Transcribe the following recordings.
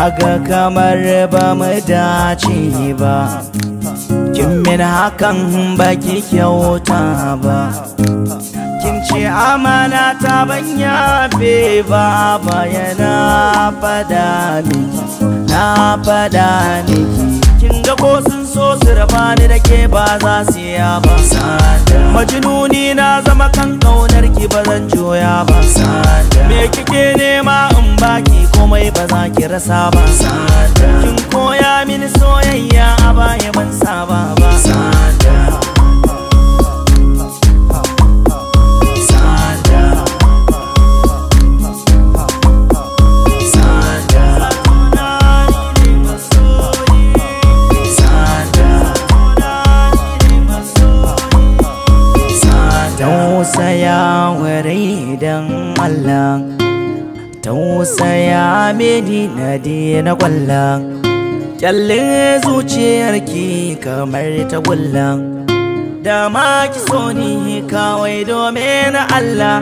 kaga kamar ba mu dace ba kin min hakan ba ki kyauta ba kin ce amana ta ban yafe ba bayana fada ni na fada ni kin ga ko sun so su raba ni da ke ba za su ya ba majnuni na zama kan kaunar ki ba zan joya ba me kike nema in baki komai ba za ki rasa ba kin koya mini soyayya a baya ban saba ba Tausaya wurai don Allah ya mini na dina kwallon kyalle zuciyarki kamar ta gullon da ma ki so ni kawai domin Allah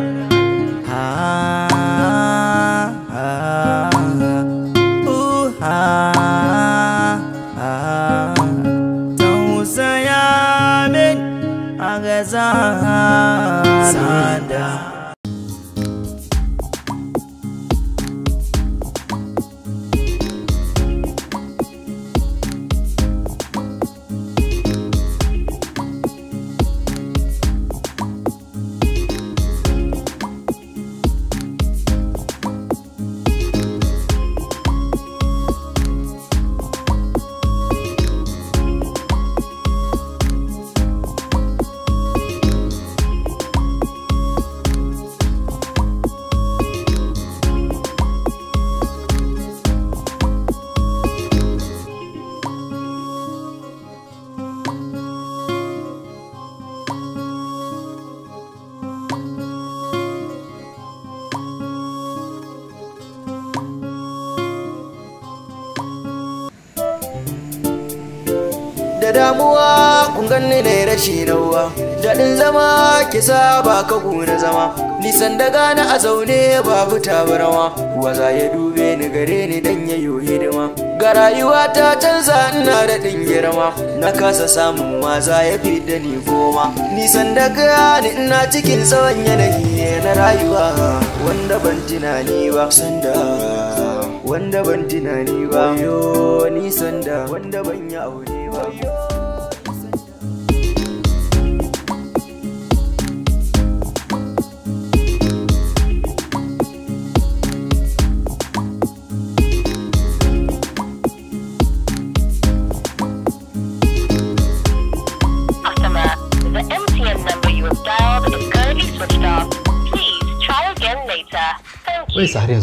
kashe rawa daɗin zama ki saba ka gona zama nisan da gana a zaune ba fita rawa waza ya dube ni gare ni dan ya hidima ga rayuwa ta canza ina da ɗin girma na kasa samun maza ya fi da ni goma nisan da gani ina cikin tsawon yanayi na rayuwa wanda ban tunani ba sanda wanda ban tunani ba yo nisan da wanda ban yi aure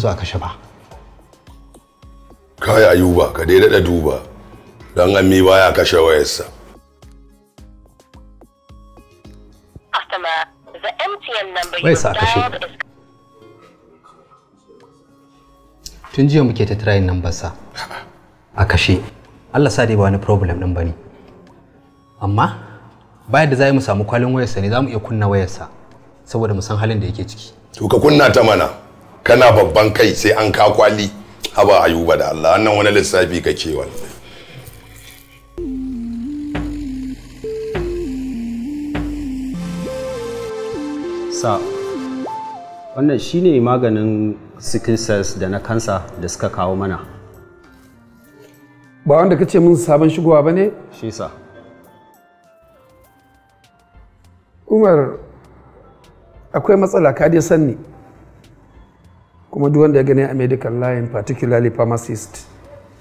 so a kashe ba kai ayuba ka dai daɗa duba don ammi baya kashe wayarsa Wai sa kashe. Tun jiya muke ta tirayin nan basa. A kashe. Allah sa dai ba wani problem ɗin bane. Amma bayan da za mu samu kwalin wayarsa ne za mu iya kunna wayarsa saboda mu san halin da yake ciki. To ka kunna ta mana. kana babban kai sai an ka kwali haba ayuba da Allah wannan wani lissafi kake wallahi sa wannan shine maganin sickle cells da na kansa da suka kawo mana ba wanda kace mun sabon shigowa bane shi sa umar akwai matsala ka dai sanni kuma duk wanda ya gani a medical line particularly pharmacist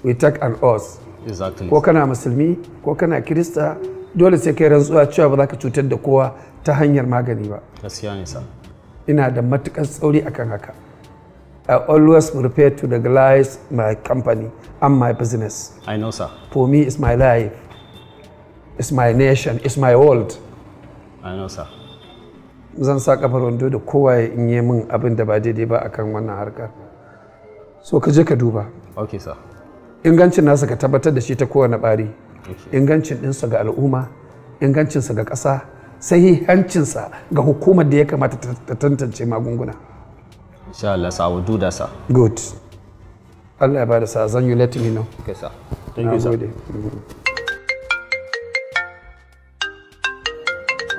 we take an oath exactly ko kana musulmi ko kana kirista dole sai kai rantsuwa cewa ba za ka cutar da kowa ta hanyar magani ba gaskiya ne sa ina da matukar tsauri akan haka I always prepare to legalize my company and my business. I know, sir. For me, it's my life, it's my nation, it's my world. I know, sir. zan sa kafar wando da kowa ya in yi min abin da ba daidai ba akan wannan harkar so ka je ka duba okay sir ingancin nasa ka tabbatar da shi ta kowane bari ingancin dinsa ga al'umma ingancinsa ga ƙasa sahihancinsa ga hukumar da ya kamata ta tantance magunguna insha Allah sa will da sa. good Allah ya bada sa zan you let me know okay sir thank you sir mm-hmm.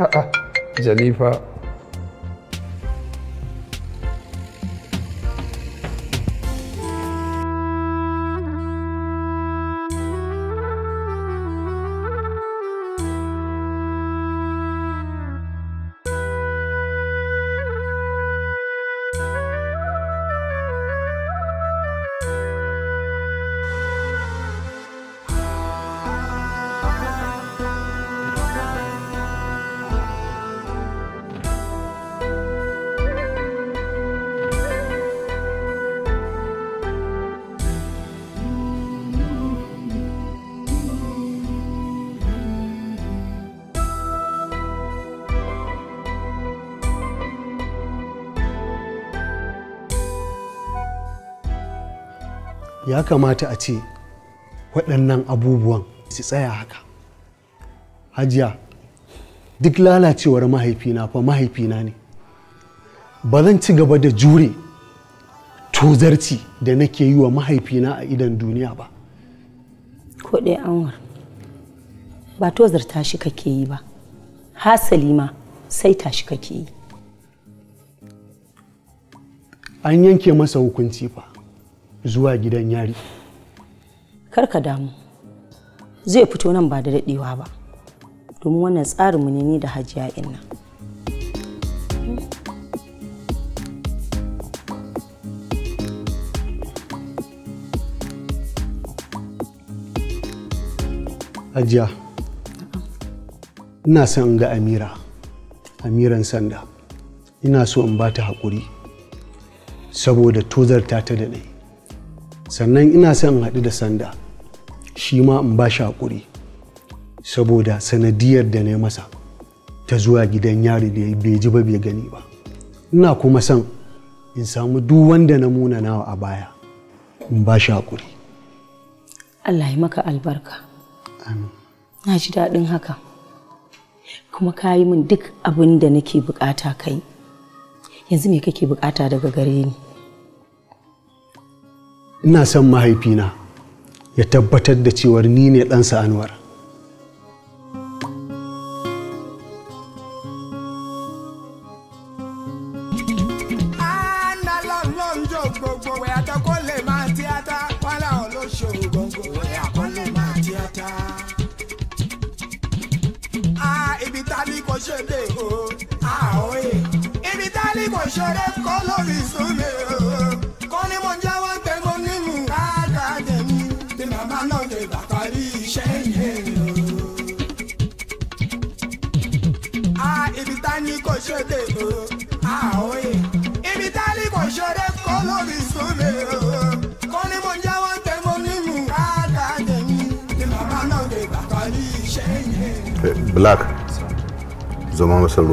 a'a Jennifer ya kamata a ce waɗannan abubuwan su tsaya haka hajiya duk lalacewar mahaifina fa mahaifina ne ba zan ci gaba da jure tozarci da nake yi wa mahaifina a idan duniya ba ko ɗaya anwar ba tozarta shi kake yi ba hasali ma sai tashi kake yi an yanke masa hukunci fa zuwa gidan yari kar ka damu zai fito nan ba da daɗewa ba domin wannan tsarinmu ne da hajiya inna hajiya ina son in ga amira amiran sanda ina so in ba ta haƙuri saboda tozarta ta da ɗai sannan ina son haɗu da sanda shi ma in ba shi haƙuri saboda sanadiyar da na yi masa ta zuwa gidan yari da bai ji ba bai gani ba ina kuma son in samu duk wanda na muna nawa a baya in ba shi haƙuri Allah ya maka albarka na ji daɗin haka kuma ka yi min duk abin da nake bukata kai yanzu me kake bukata daga gare ni ina san mahaifina ya tabbatar da cewar ni ne ɗansa anwar ṣe oh, o àwọn èèyàn ibi tá a ní kò ṣeré kọ́ lórí ìsúnmi o. ṣòde o àwọn yìí ibi tálí kò ṣòde kọ́ lórí sóde o kọ́ ni mo jẹ́wọ́ tẹ́ mo ní káàdà tèmi ni bàbá náà lè gbà ní iṣẹ́ yẹn. black zo ma masal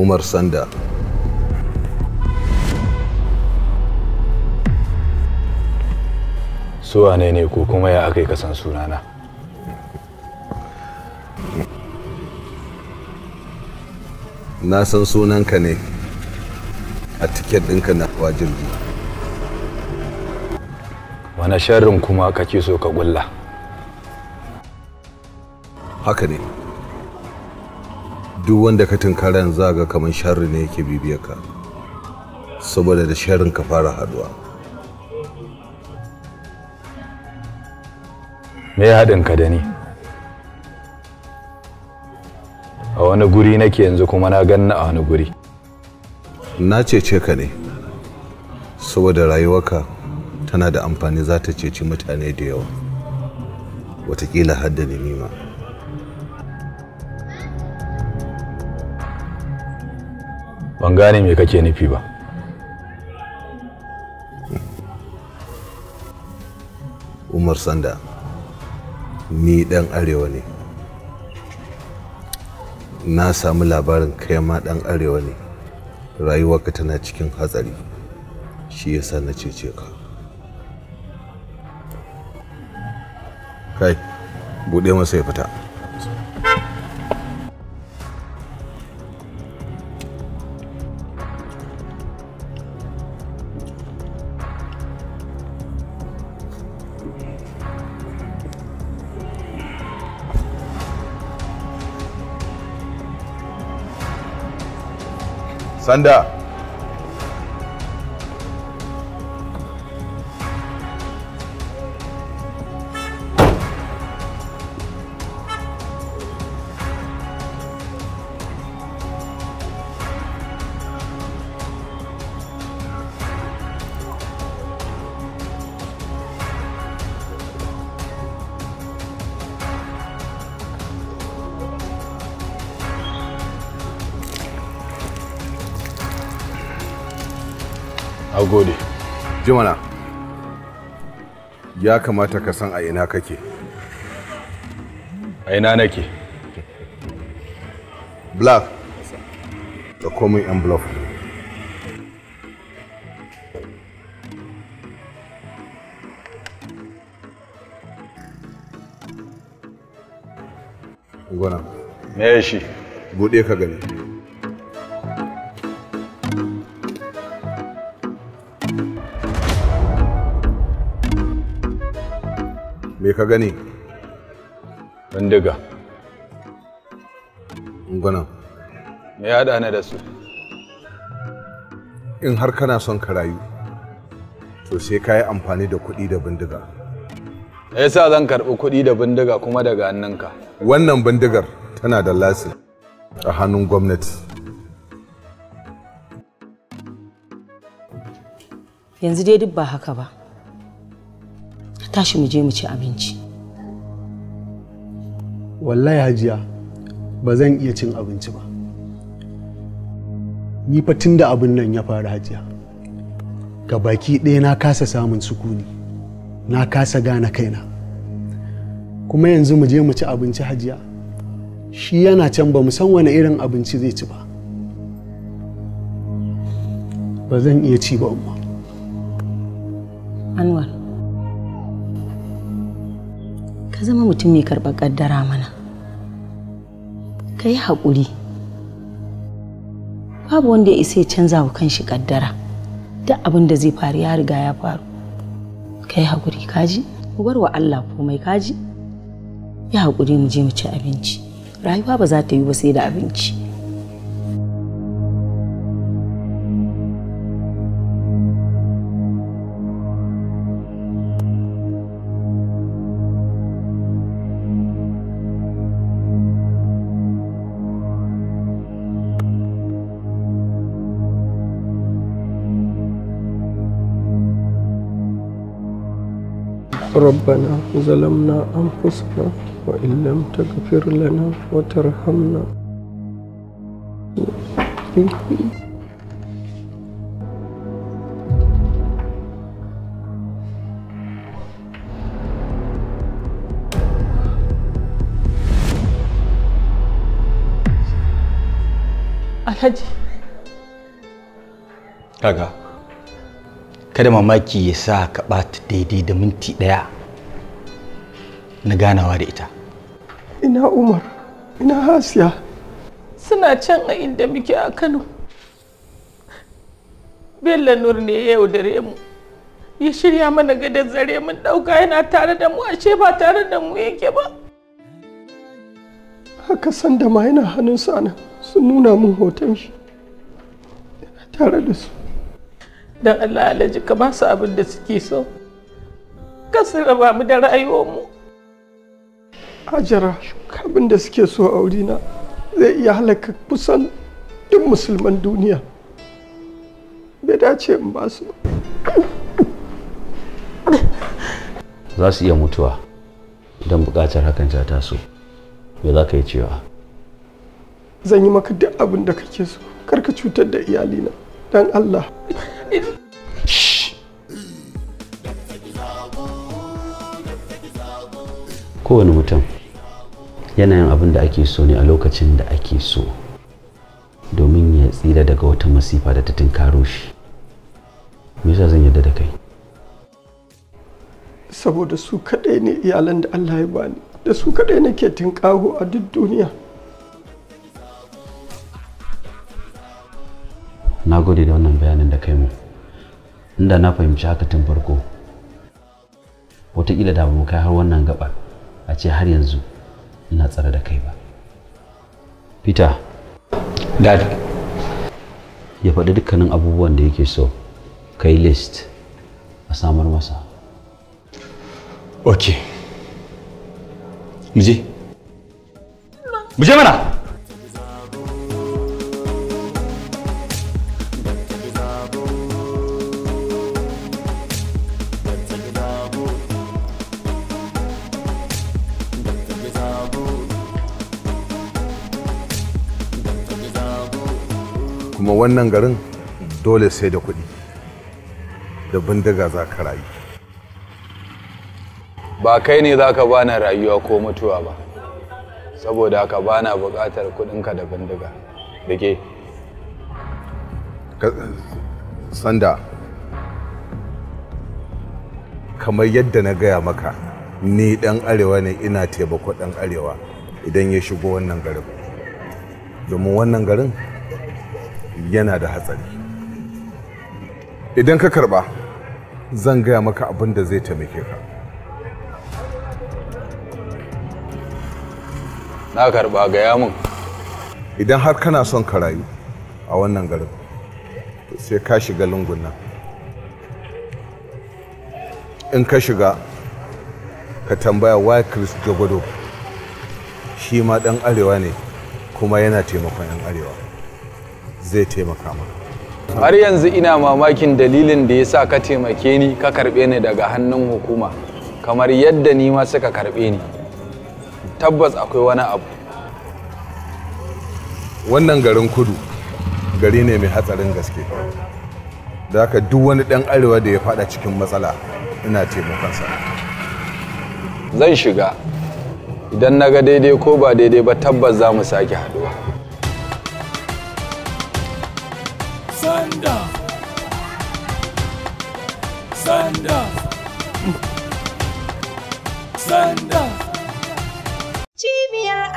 Umar Sanda. Su wane ne ko kuma ya aka yi kasan sunana? Na san sunanka ne a tiket ɗinka na hawa wani sharrin kuma kake so ka gulla? Haka ne. duk wanda ka tunkaran yanzu ga kamar sharri ne yake bibiyar ka saboda da sharrin ka fara haduwa me ya haɗin ka da ni a wani guri nake yanzu kuma na ganna a wani guri na cece ka ne saboda rayuwarka tana da amfani za ta ceci mutane da yawa watakila hadda da nima ban gane me kake nufi ba umar sanda ni dan arewa ne na samu labarin kai ma dan arewa ne rayuwarka tana cikin hatsari shi yasa na cece ka kai buɗe masa ya fita sandar jimana ya kamata ka san a ina kake a ina nake black da komin in bluff Gona. me shi buɗe ka gani ka gani bindiga gungunan. me ya haɗa da su in har kana son ka rayu to sai ka yi amfani da kuɗi da bindiga me sa zan karɓi kuɗi da bindiga kuma daga hannunka wannan bindigar tana da lasi a hannun gwamnati yanzu dai duk ba haka ba tashi mu je mu ci abinci wallahi hajiya ba zan iya cin abinci ba ni fa tun da abin nan ya faru hajiya ga baki ɗaya na kasa samun sukuni na kasa gane kaina kuma yanzu mu je mu ci abinci hajiya shi yana can ba mu san wani irin abinci zai ci ba ba zan iya ci ba umma anwar ka zama mutum mai karɓar ƙaddara mana ka yi haƙuri babu wanda ya isa ya canza wa kanshi ƙaddara duk abin da zai faru ya riga ya faru ka yi haƙuri kaji ku bar wa Allah komai kaji ya hakuri mu je mu ci abinci rayuwa ba za ta yi ba sai da abinci ربنا ظلمنا أنفسنا وإن لم تغفر لنا وترحمنا Alhaji. Kaga. kada mamaki ya sa ka ɓata daidai da minti ɗaya na ganawa da ita ina umar ina hasiya suna can a inda muke a kano bello nur ne ya yaudare mu ya shirya mana gadon zare mun ɗauka yana tare da mu ashe ba tare da mu yake ba haka san da ma yana hannun sa sun nuna mun hoton shi tare da su don Allah alaji ka ba su abin da suke so ka su raba mu da mu. ajara abin da suke so a na zai iya halaka kusan duk musulman duniya bai dace in ba su za su iya mutuwa don buƙatar hakan ta taso me za ka yi cewa zan yi maka duk abin da kake so kar ka cutar da iyalina dan allah kowane mutum yana yin abin da ake so ne a lokacin da ake so domin ya tsira daga wata masifa da ta tinkaro shi me yasa zan yarda da kai saboda su kadai ne iyalan da Allah ya bani da su kaɗai nake tunƙaho a duk duniya na gode da wannan bayanin da kai mu inda na fahimci haka tun farko wataƙila da mu kai har wannan gaba a ce har yanzu ina tsare da kai ba peter dad ya faɗi dukkanin abubuwan da yake so kai list a samar masa ok muje muje mana kuma wannan garin dole sai da kuɗi da bindiga za ka rayu ba kai ne za ka bana rayuwa ko mutuwa ba saboda ka bana buƙatar kuɗinka da bindiga da ke sanda kamar yadda na gaya maka ni ɗan arewa ne ina taimako ɗan arewa idan ya shigo wannan garin domin wannan garin yana da hatsari idan ka karba zan gaya maka abin da zai taimake ka na karba gaya mun idan har kana son ka rayu a wannan garin sai ka shiga lungun nan in ka shiga ka tambaya waye chris jogodo shi ma dan arewa ne kuma yana taimakon yan arewa zai taimaka maka har yanzu ina mamakin dalilin da ya sa ka taimake ni ka karɓe ni daga hannun hukuma kamar yadda ni ma suka karɓe ni tabbas akwai wani abu wannan garin kudu gari ne mai hatsarin gaske da haka duk wani ɗan arewa da ya fada cikin matsala ina taimakonsa zan shiga idan na ga daidai ko ba daidai ba tabbas za mu sake haɗuwa Sanda! Sanda! Cibiyar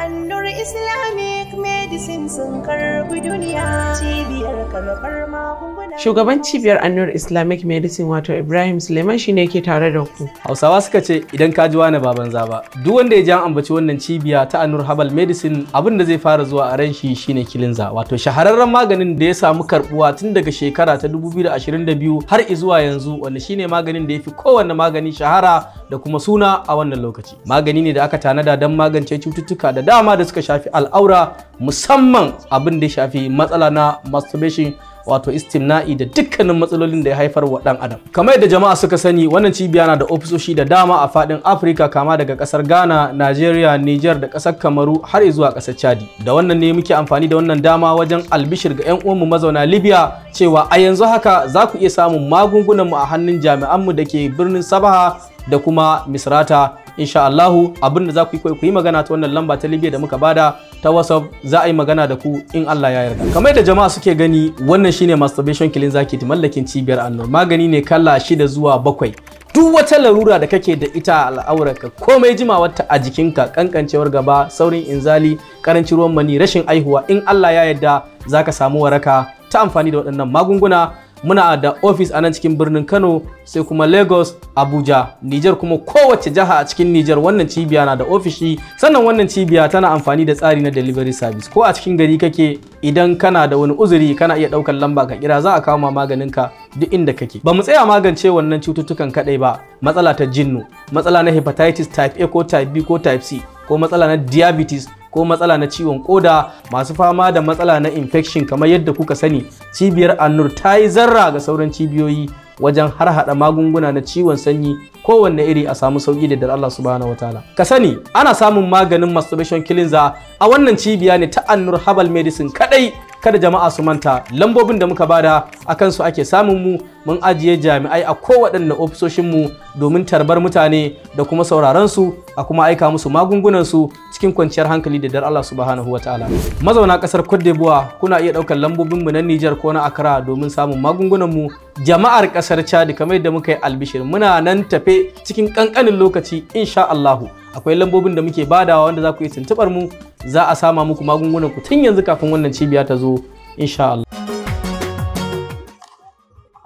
Shugaban cibiyar Annur Islamic Medicine wato Ibrahim Suleiman shi ne ke tare da ku. Hausawa suka ce idan ka ji wani baban zaba. Duk wanda ya ji an ambaci wannan cibiya ta Annur Herbal Medicine abin da zai fara zuwa a ran shi shine kilinza wato shahararren maganin da ya samu karbuwa tun daga shekara ta 2022 har zuwa yanzu wanda shine maganin da ya fi kowanne magani shahara da kuma suna a wannan lokaci. Magani ne da aka tanada don magance cututtuka da dama da suka shafi al'aura musamman abin da ya shafi matsala na masturbation wato istimna'i da dukkanin matsalolin da ya haifar wa dan adam kamar yadda jama'a suka sani wannan cibiya na da ofisoshi da dama a fadin afirka kama daga kasar ghana nigeria niger da kasar kamaru har zuwa kasar chadi da wannan ne muke amfani da wannan dama wajen albishir ga 'yan uwanmu mazauna libya cewa a yanzu haka za ku iya samun magungunanmu a hannun jami'anmu da ke birnin sabaha da kuma misrata insha Allahu abin da za ku yi ku yi magana ta wannan lamba ta Libya da muka bada ta WhatsApp za a yi magana da ku in Allah ya yarda kamar yadda jama'a suke gani wannan shine masturbation killing zaki ta mallakin cibiyar annor magani ne kala shida zuwa bakwai duk wata larura da kake da ita a al'aurarka komai jimawarta a jikinka kankancewar gaba saurin inzali karancin ruwan mani rashin aihuwa in Allah ya yarda zaka samu waraka ta amfani da waɗannan magunguna muna da ofis a nan cikin birnin kano sai kuma lagos abuja niger kuma kowace jiha a cikin niger wannan cibiya na da ofishi sannan wannan cibiya tana amfani da tsari na delivery service ko a cikin gari kake idan kana da wani uzuri kana iya ɗaukar lamba ka kira za a kawo ma maganinka duk inda kake ba mu tsaya magance wannan cututtukan kadai ba matsala ta jinnu matsala na hepatitis type a ko type b ko type c ko matsala na diabetes ko matsala na ciwon koda masu fama da matsala na infection kamar yadda kuka sani cibiyar annur ta yi zarra ga sauran cibiyoyi wajen har hada magunguna na ciwon sanyi kowanne iri a samu sauki da Allah subhanahu wataala ka sani ana samun maganin masturbation cleanser a wannan cibiya ne ta annur herbal medicine kadai kada jama'a su manta lambobin da muka bada akan su ake samun mu mun ajiye jami'ai a kowaɗanne ofisoshin ofisoshinmu domin tarbar mutane da kuma sauraron su a kuma aika musu magungunan su cikin kwanciyar hankali da dar Allah subhanahu wa ta'ala. Mazauna ƙasar Cote d'Ivoire kuna iya ɗaukar lambobin mu na Nijar ko na Accra domin samun magungunan mu. Jama'ar ƙasar Chad kamar yadda muka yi albishir muna nan tafe cikin ƙanƙanin lokaci insha Allahu. Akwai lambobin da muke badawa wanda za ku yi tuntuɓar mu za a sama muku magungunan ku tun yanzu kafin wannan cibiya ta zo insha Allah.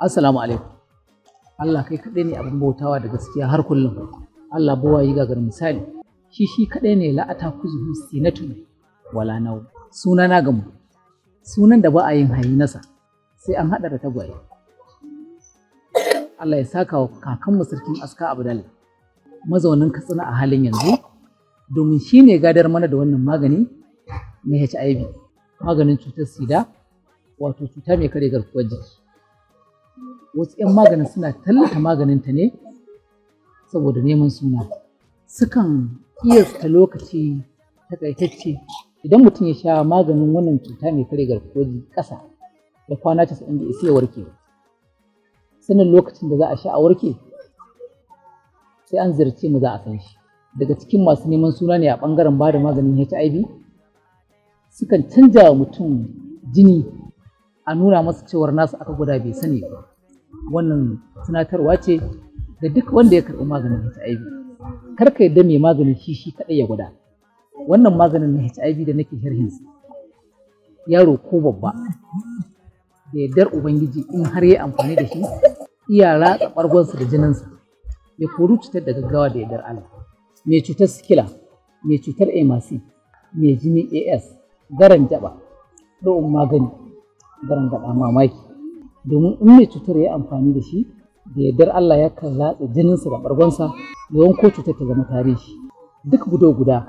assalamu alaikum Allah kai kaɗai ne abin bautawa da gaskiya har kullum Allah bawa yi gagar misali shi shi kaɗai ne la'ata zuhu sinatu wala nau suna na gamu sunan da ba a yin hayi nasa sai an haɗa da tagwaye Allah ya saka wa kakanmu sarkin aska abdal mazaunin katsina a halin yanzu domin shi ne gadar mana da wannan magani na HIV maganin cutar sida wato cuta mai kare garkuwar jiki wasu 'yan maganin suna tallata maganinta ne saboda neman suna sukan iya ta lokaci takaitacce idan mutum ya sha maganin wannan cuta mai kare garkuwar ƙasa da kwana sa'in da isa ya warke sanin lokacin da za a sha a warke sai an ziyarci mu za a san shi daga cikin masu neman suna ne a bangaren ba da maganin hiv sukan canja mutum jini a nuna masa cewar nasu aka guda bai sani ba wannan tunatarwa ce da duk wanda ya karɓi maganin HIV kar ka yadda mai maganin shi shi kaɗai ya gwada wannan maganin na HIV da nake sharhin yaro ko babba da yardar ubangiji in har ya amfani da shi iya ratsa ɓargonsa da jininsa ya kori cutar da gaggawa da yardar Allah mai cutar sikila mai cutar AMC mai jini AS garan jaba do'un magani garan gaba mamaki domin in mai cutar ya amfani da shi da yardar Allah ya kan latsa jininsa da bargonsa yawan ko cutar ta zama tarihi duk gudo guda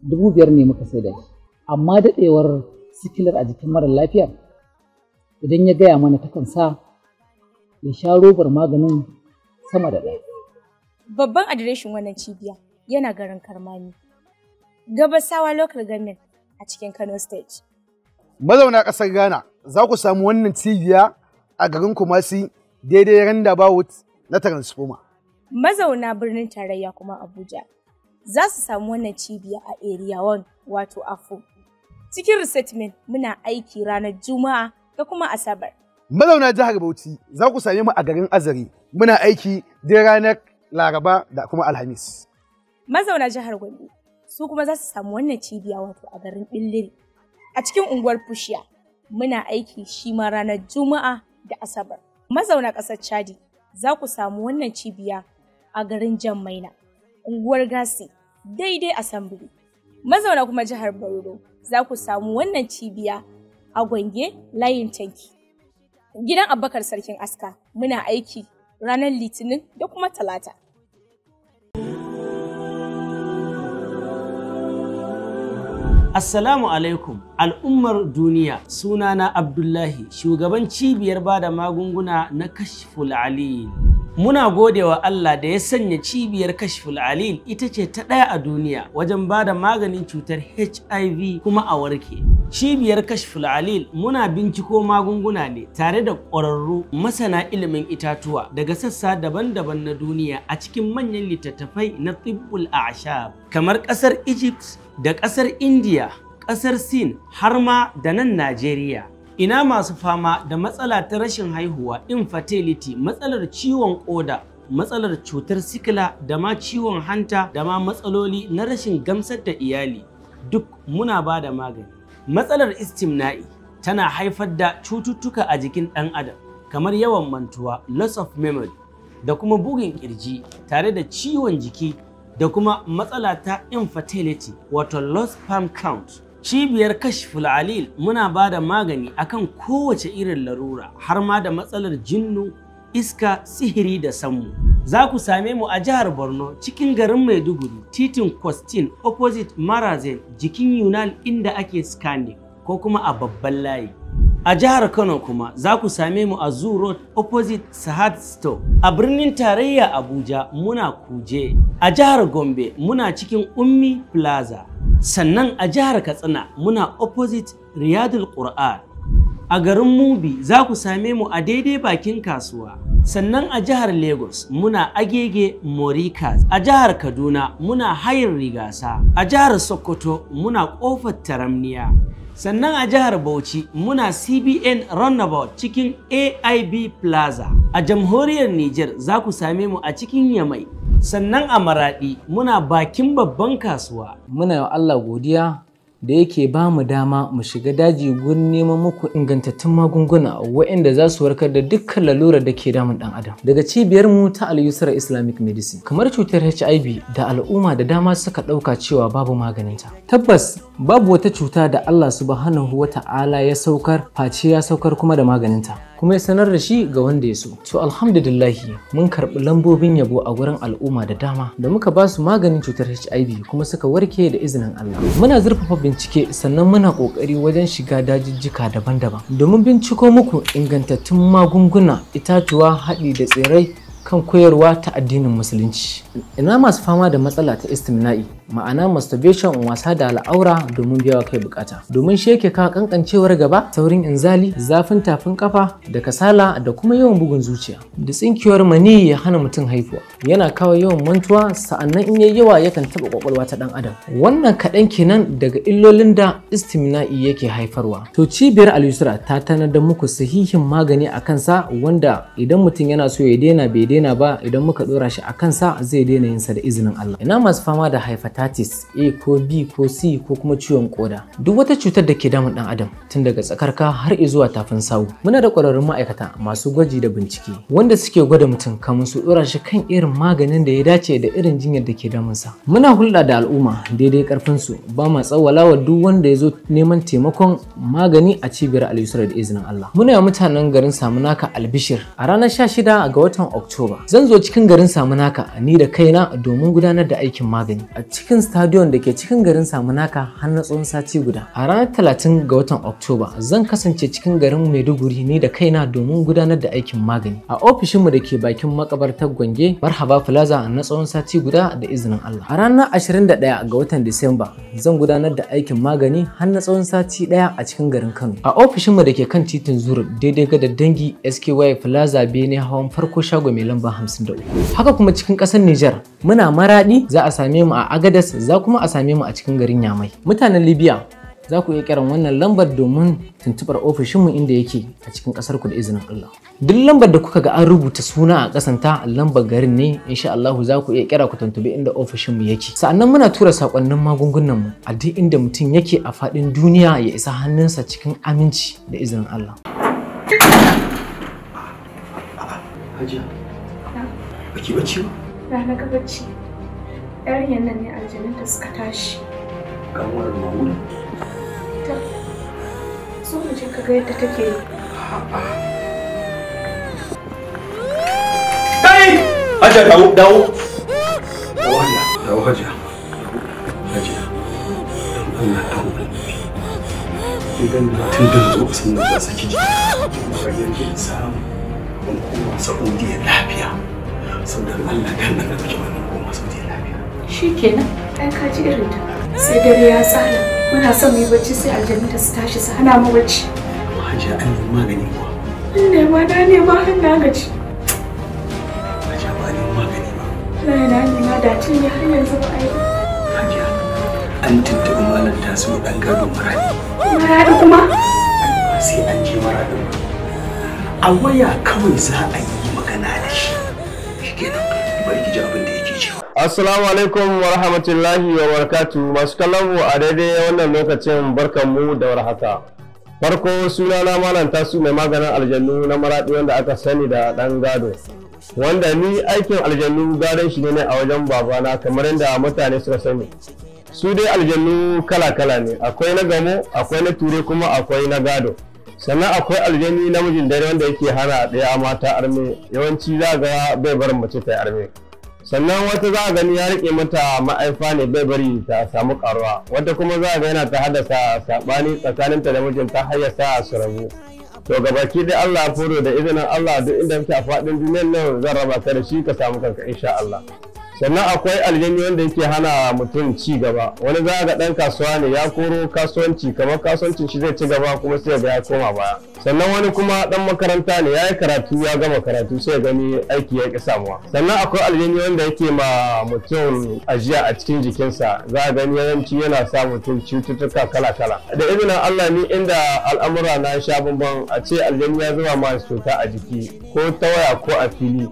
dubu biyar ne muka sai da shi amma daɗewar sikilar a jikin mara lafiyar idan ya gaya mana takan sa ya sha robar maganin sama da ɗaya. Babban adireshin wannan cibiya yana garin Karmani, gabasawa local government a cikin Kano state. Mazauna ƙasar Ghana za ku samu wannan cibiya a garin Kumasi daidai Randa roundabout na Transforma. Mazauna birnin tarayya kuma Abuja za su samu wannan cibiya a Area 1 wato AFO. Cikin resettlement muna aiki ranar Juma'a da kuma Asabar. Mazauna jihar Bauchi za ku same mu a garin Azare muna aiki dai ranar Laraba da kuma Alhamis. Mazauna jihar Gombe su kuma za su samu wannan cibiya wato a garin Billiri. A cikin unguwar Fushiya muna aiki shi ma ranar Juma'a da Asabar. Mazauna ƙasar Chadi za ku samu wannan cibiya a garin Jan Maina, unguwar Gasi, daidai Asambili. Mazauna kuma jihar Borno za ku samu wannan cibiya a Gwange layin tanki. Gidan Abubakar Sarkin Aska muna aiki ranar Litinin da kuma Talata. Assalamu alaikum al'ummar duniya sunana Abdullahi shugaban cibiyar bada magunguna na kashful alil. Muna gode wa Allah da ya sanya cibiyar kashful alil ita ce ta ɗaya a duniya wajen bada maganin cutar HIV kuma a warke. Cibiyar kashful alil muna binciko magunguna ne tare da ƙwararru masana ilimin itatuwa daga sassa daban-daban na duniya a cikin manyan littattafai na tibbul a'shab kamar ƙasar Egypt da ƙasar India, ƙasar Sin har ma da nan Najeriya. Ina masu fama da matsala ta rashin haihuwa infertility matsalar ciwon ƙoda matsalar cutar sikila da ma ciwon hanta da ma matsaloli na rashin gamsar da iyali duk muna ba da magani. Matsalar istimna'i tana haifar da cututtuka a jikin ɗan adam kamar yawan mantuwa loss of memory da kuma bugun kirji tare da ciwon jiki da kuma matsala ta infertility wato lost sperm count cibiyar kashiful alil muna ba da magani akan kowace irin larura har ma da matsalar jinnu iska sihiri da sammu za ku same mu a jihar borno cikin garin maiduguri titin kwastin opposite marazin jikin yunal inda ake scanning ko kuma a babban layi A jihar Kano kuma za ku same mu a Zoo Road opposite Sahad Store. A birnin tarayya Abuja muna Kuje. A jihar Gombe muna cikin Ummi Plaza. Sannan a jihar Katsina muna opposite Riyadul Qur'an. A garin Mubi za ku same mu a daidai bakin kasuwa. Sannan a jihar Lagos muna Agege Morikas. A jihar Kaduna muna Hayar Rigasa. A jihar Sokoto muna Ƙofar Taramniya. sannan a jihar Bauchi muna CBN Runabout cikin AIB Plaza. A jamhuriyar Nijar za ku same mu a cikin Yamai. Sannan a Maraɗi muna bakin babban kasuwa. Muna wa Allah godiya da yake ba mu dama mu shiga daji gurin neman muku ingantattun magunguna waɗanda za su warkar da dukkan lalurar da ke damun ɗan adam daga cibiyar mu ta al islamic medicine kamar cutar hiv da al'umma da dama suka ɗauka cewa babu maganinta tabbas babu wata cuta da Allah subhanahu wa ta'ala ya saukar face ya saukar kuma da maganinta kuma ya sanar da shi ga wanda ya so to alhamdulillahi mun karɓi lambobin yabo a gurin al'umma da dama da muka ba su maganin cutar HIV kuma suka warke da izinin Allah muna zurfafa bincike sannan muna ƙoƙari wajen shiga dajijjika daban-daban domin binciko muku ingantattun magunguna itatuwa haɗi da tsirai kan koyarwa ta addinin musulunci. Ina masu fama da matsala ta istimna'i ma'ana masturbation wasa da al'aura domin biyawa kai bukata. Domin sheke ka kankancewar gaba, saurin inzali, zafin tafin kafa da kasala da kuma yawan bugun zuciya. Da tsinkiyar mani ya hana mutum haifuwa. Yana kawo yawan mantuwa sa'annan in yayi yawa yakan taba kwakwalwa ta dan adam. Wannan kaɗan kenan daga illolin da istimna'i yake haifarwa. To cibiyar al ta tanar da muku sahihin magani akan sa wanda idan mutum yana so ya daina bai daina ba idan muka dora shi a kansa zai daina yin sa da izinin Allah ina masu fama da hepatitis A ko B ko C ko kuma ciwon koda duk wata cutar da ke damun dan adam tun daga tsakar ka har zuwa tafin sawu muna da kwararrun ma'aikata masu gwaji da bincike wanda suke gwada mutum kamun su dora shi kan irin maganin da ya dace da irin jinyar da ke sa muna hulɗa da al'umma daidai karfin su ba ma tsawala duk wanda ya zo neman taimakon magani a cibiyar al da izinin Allah muna mutanen garin Samunaka Albishir a ranar 16 ga watan Oktoba so ba zan zo cikin garin samunaka ni da kaina domin gudanar da aikin magani a cikin stadion da ke cikin garin samunaka har na tsawon sati guda a ranar 30 ga watan oktoba zan kasance cikin garin maiduguri ni da kaina domin gudanar da aikin magani a ofishinmu da ke bakin makabartar gwange marhaba plaza na tsawon sati guda da izinin allah a ranar 21 ga watan disamba zan gudanar da aikin magani har na tsawon sati daya a cikin garin kano a ofishinmu da ke kan titin zuru daidai ga dangi sky plaza bene hawan farko shago mai lamba 53 haka kuma cikin ƙasar Nijar muna maraɗi, za a same mu a Agadas za kuma a same mu a cikin garin Yamai mutanen Libya za ku iya kiran wannan lambar domin tuntuɓar ofishinmu inda yake a cikin ƙasar ku da izinin Allah. Duk lambar da kuka ga an rubuta suna a ta lambar garin ne insha Allah za ku iya kira ku tuntuɓi inda mu yake. Sa'annan muna tura sakonnin magungunan mu a duk inda mutum yake a faɗin duniya ya isa hannunsa cikin aminci da izinin Allah. Hajiya. baki bacci ba na ka bacci yarinyar nan ne aljanun da suka tashi wannan mamuna ta so mu je ka ga yadda take yi kai aja dawo dawo dawo haja dawo haja haja Allah ta idan mutum da zo sun da saki jiki ba ga yadda samu ban kuma sa'udiyya lafiya sannan Allah dan da ki wannan goma su je lafiya Shi kenan ka kaji irin ta sai dare ya tsara. muna son mu yi bacci sai aljanna ta su tashi su hana mu bacci hajiya an yi magani kuwa an nema na nema har na gaji hajiya ba ni magani ba na yana nema da tun ya har yanzu ba a yi hajiya an tuntuɓi malam ta tasiru ɗan gado maradi maradi kuma sai an je maradin a waya kawai za a yi kenan bari ki ji abin da yake cewa assalamu alaikum wa rahmatullahi wa barakatu masu kallon mu a daidai wannan lokacin barkan mu da warhaka farko suna na malam tasu mai maganin aljannu na maraɗi wanda aka sani da ɗan gado wanda ni aikin aljannu gadon shi ne a wajen babana kamar yadda mutane suka sani su dai aljannu kala-kala ne akwai na gamo akwai na ture kuma akwai na gado sannan akwai aljani namijin dare wanda yake hana ɗaya mata arme yawanci za ga bai barin mace ta arme sannan wata za a gani ya rike mata ma'aifa ne bai bari ta samu karuwa wata kuma za a ga yana ta haddasa saɓani tsakaninta da mijinta har ya sa su rabu to gabaki dai Allah furo da izinin Allah duk inda kake a faɗin duniyar nan zan raba ka da shi ka samu kanka insha Allah sannan akwai aljani wanda yake hana mutum ci gaba wani za ga dan kasuwa ne ya koro kasuwanci kamar kasuwancin shi zai ci gaba kuma sai ga ya koma baya sannan wani kuma dan makaranta ne ya yi karatu ya gama karatu sai gani aiki ya ƙi samuwa sannan akwai aljani wanda yake ma mutum ajiya a cikin jikinsa za a gani yawanci yana sa mutum cututtuka kala kala da izinin Allah ni inda al'amura na sha bambam a ce aljannu ya zama ma cuta a jiki ko ta waya ko a fili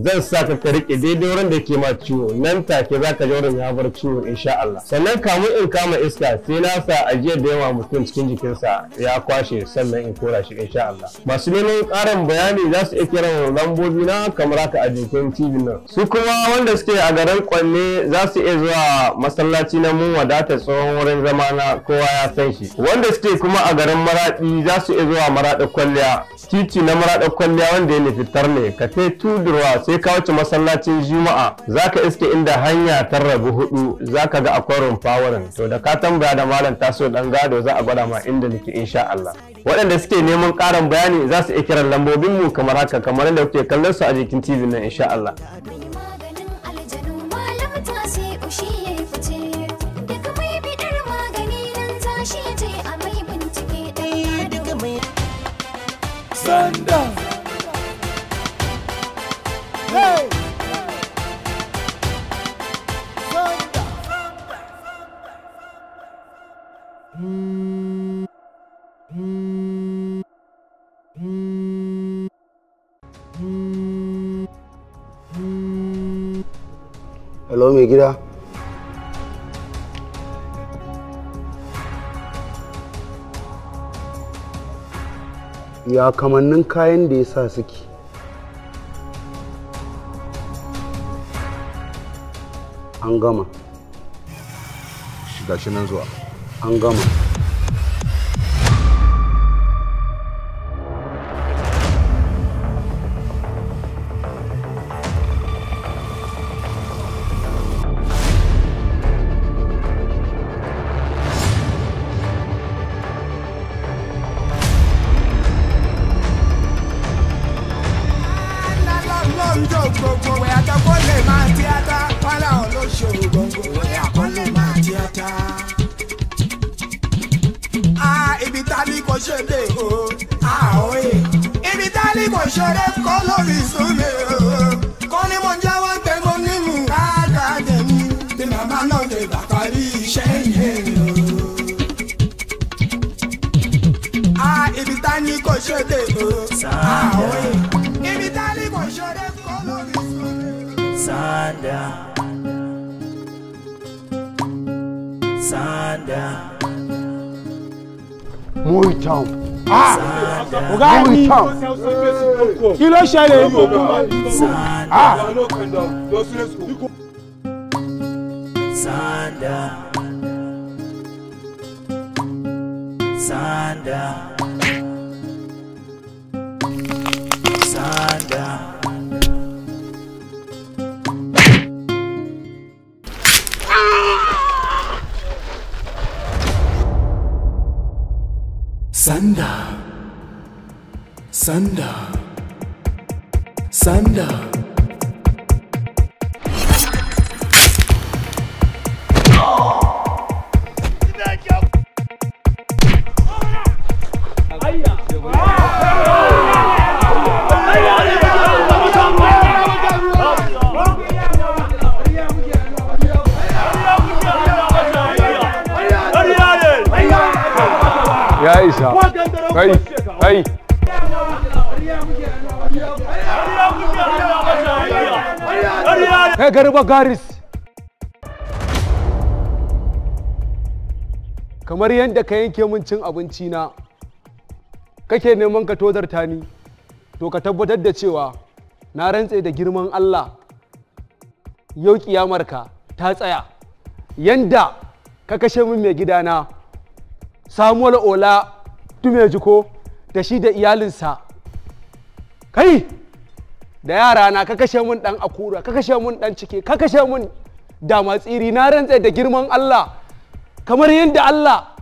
zan sa ka ka rike daidai wurin da ke ma ciwo nan take za ka wurin ya bar ciwo insha Allah sannan kamun in kama iska sai na sa ajiyar da yawa mutum cikin jikinsa ya kwashe sannan in kora shi insha Allah masu neman ƙarin bayani za su iya kiran lambobi na kamar haka a jikin TV nan su kuma wanda suke a garin Kwanne za su iya zuwa masallaci na mu wadata tsohon wurin zama na kowa ya san shi wanda suke kuma a garin Maradi za su iya zuwa Maradi kwalliya titi na Maradi kwalliya wanda ya nufi tarne ka kai tudurwa sai ka wuce masallacin juma'a zaka iske inda hanya ta rabu hudu zaka ga akwai wurin to da ka tambaya da malam taso dan gado za a gwada ma inda nake insha Allah waɗanda suke neman ƙarin bayani za su iya kiran lambobin mu kamar haka kamar yadda kuke kallon su a jikin TV nan insha Allah Thunder! Hello mai gida. Ya kamannin kayan da ya sa suke. An gama. Gashi nan zuwa. An gama. ṣòro ah, gbòǹgbò bóyá kan lè máa tíátá. a ibi tálí kò ṣe lè o ah, a ò e ah, ibi tálí kò ṣeré kọ́ lórí ìsúlẹ̀ o kọ́ ni mo jẹ́wọ́ mú Ah, ọ̀gá mi kí ló ṣẹlẹ̀ Sanda. Ah! Sanda. Sanda. Sanda. Ya isa, kai, kai. garba garis kamar yadda ka yanke mun cin abinci na kake neman ka tozarta ni to ka tabbatar da cewa na rantse da girman Allah yau kiyamarka ta tsaya yanda ka kashe min mai gidana samuwar ola tume jiko da shi da iyalinsa kai da yarana, ka kashe mun dan akura ka kashe mun dan cike ka kashe mun damatsiri na rantse da girman Allah kamar yadda Allah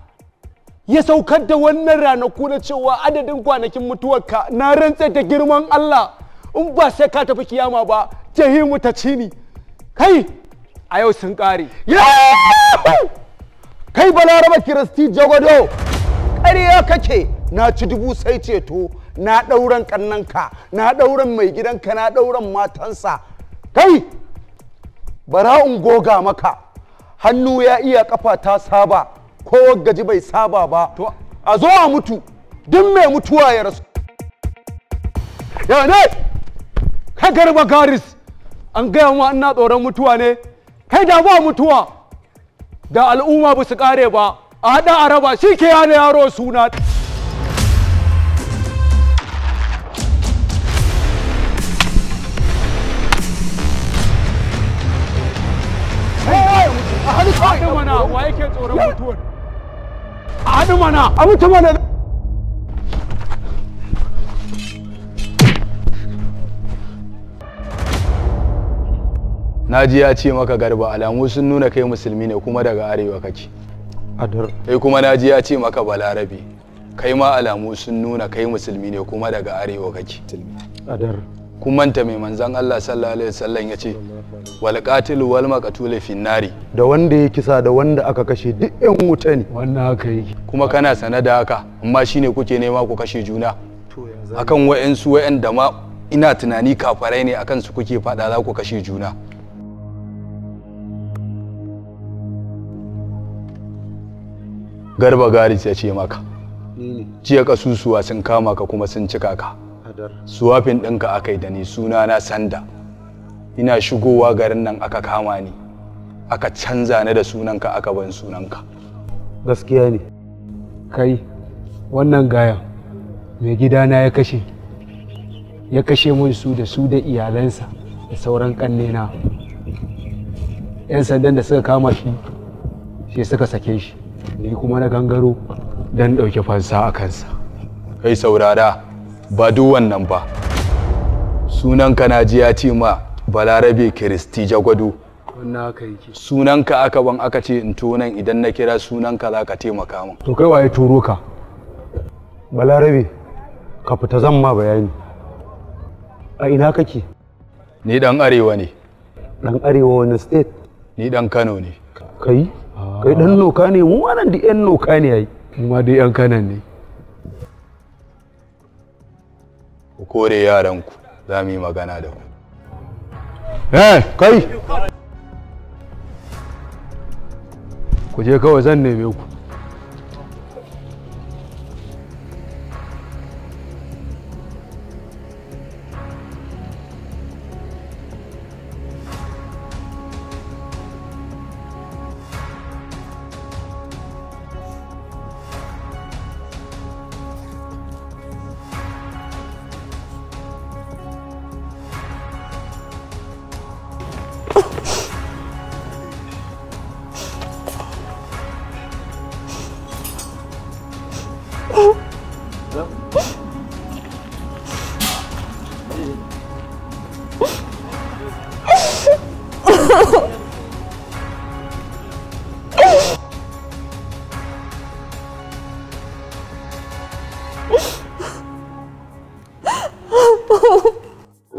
ya saukar da wannan ranaku na cewa adadin kwanakin mutuwarka na rantse da girman Allah in ba sai ka tafi kiyama ba jahimu ta ci ni. kai a yau sun kare kai balaraba kiristi jagwado ƙarya kake na ci dubu sai ceto na ɗauran ƙannanka na ɗauran mai gidanka na ɗauran matansa kai bara in goga maka hannu ya iya ƙafa ta saba ko gaji bai saba ba a zo a mutu duk mai mutuwa ya rasu ya ne ka garba garis an gaya ma ina tsoron mutuwa ne kai da ba mutuwa da al'umma ba su kare ba a haɗa a raba shi ke yana yaro suna hali mana tsoron a hadu mana a mutu Naji ya ce maka garba alamu sun nuna kai musulmi ne kuma daga arewa kake. Adar. Kai kuma naji ya ce maka balarabe kai ma alamu sun nuna kai musulmi ne kuma daga arewa kake. Adar. kun manta mai manzan Allah sallallahu alaihi wasallam ya ce wal qatil wal maqtul fi nari da wanda ya kisa da wanda aka kashe duk yan wuta ne wannan haka yake kuma kana sana da haka amma shine kuke nema ku kashe juna akan wayansu wa'anda ma ina tunani kafarai ne akan su kuke fada za ku kashe juna garba garis ya ce maka jiya kasusuwa sun kama ka kuma sun cika ka Suwafin ɗinka aka yi da ni suna na Sanda. Ina shigowa garin nan aka kama ni. Aka canza ni da sunanka aka ban sunanka. Gaskiya ne. Kai, wannan gayan mai na ya kashe. Ya kashe mun su da su da iyalansa da sauran ƙannena. 'Yan sandan da suka kama shi, shi suka sake shi. Ni kuma na gangaro don ɗauki fansa a kansa. Kai saurara. ba duk wannan ba sunanka na ji ya ce ma balarabe kiristi jagwado sunanka aka ban aka ce in tonan idan na kira sunanka za ka taimaka min to kai waye turo ka balarabe ka fita zan ma bayani a ina kake ni dan arewa ne dan arewa wani state ni dan kano ne kai kai dan noka ne mu wannan da yan noka ne ai mu ma dai yan kanan ne ku kore yaranku za mu yi magana da ku eh kai ku je kawai zan neme ku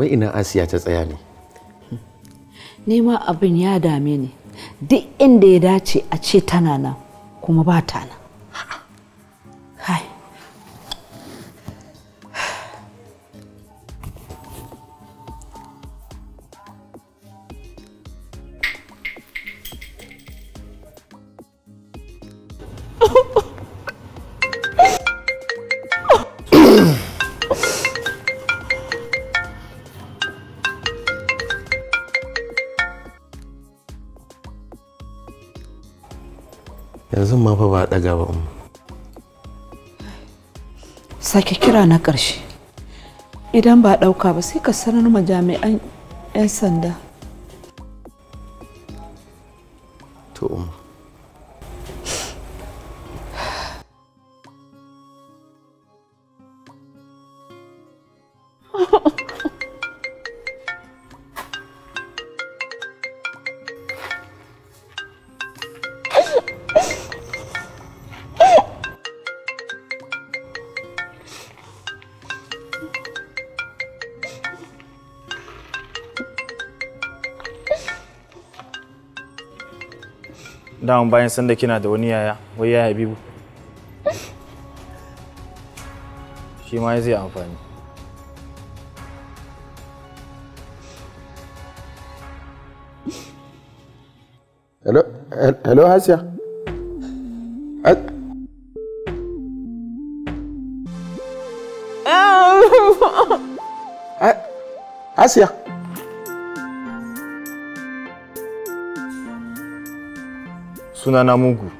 kamar ina asiya ta tsaya ne nema abin ya dame ni duk inda ya dace a ce tana nan kuma ba ta nan kira na ƙarshe idan ba ɗauka ba sai ka sanar ma jami'an 'yan sanda Dawon bayan sanda kina da wani yaya, wai yaya bibu Shi ma zai amfani. Hello, hello Hasiya. Hasiya. Suna na mugu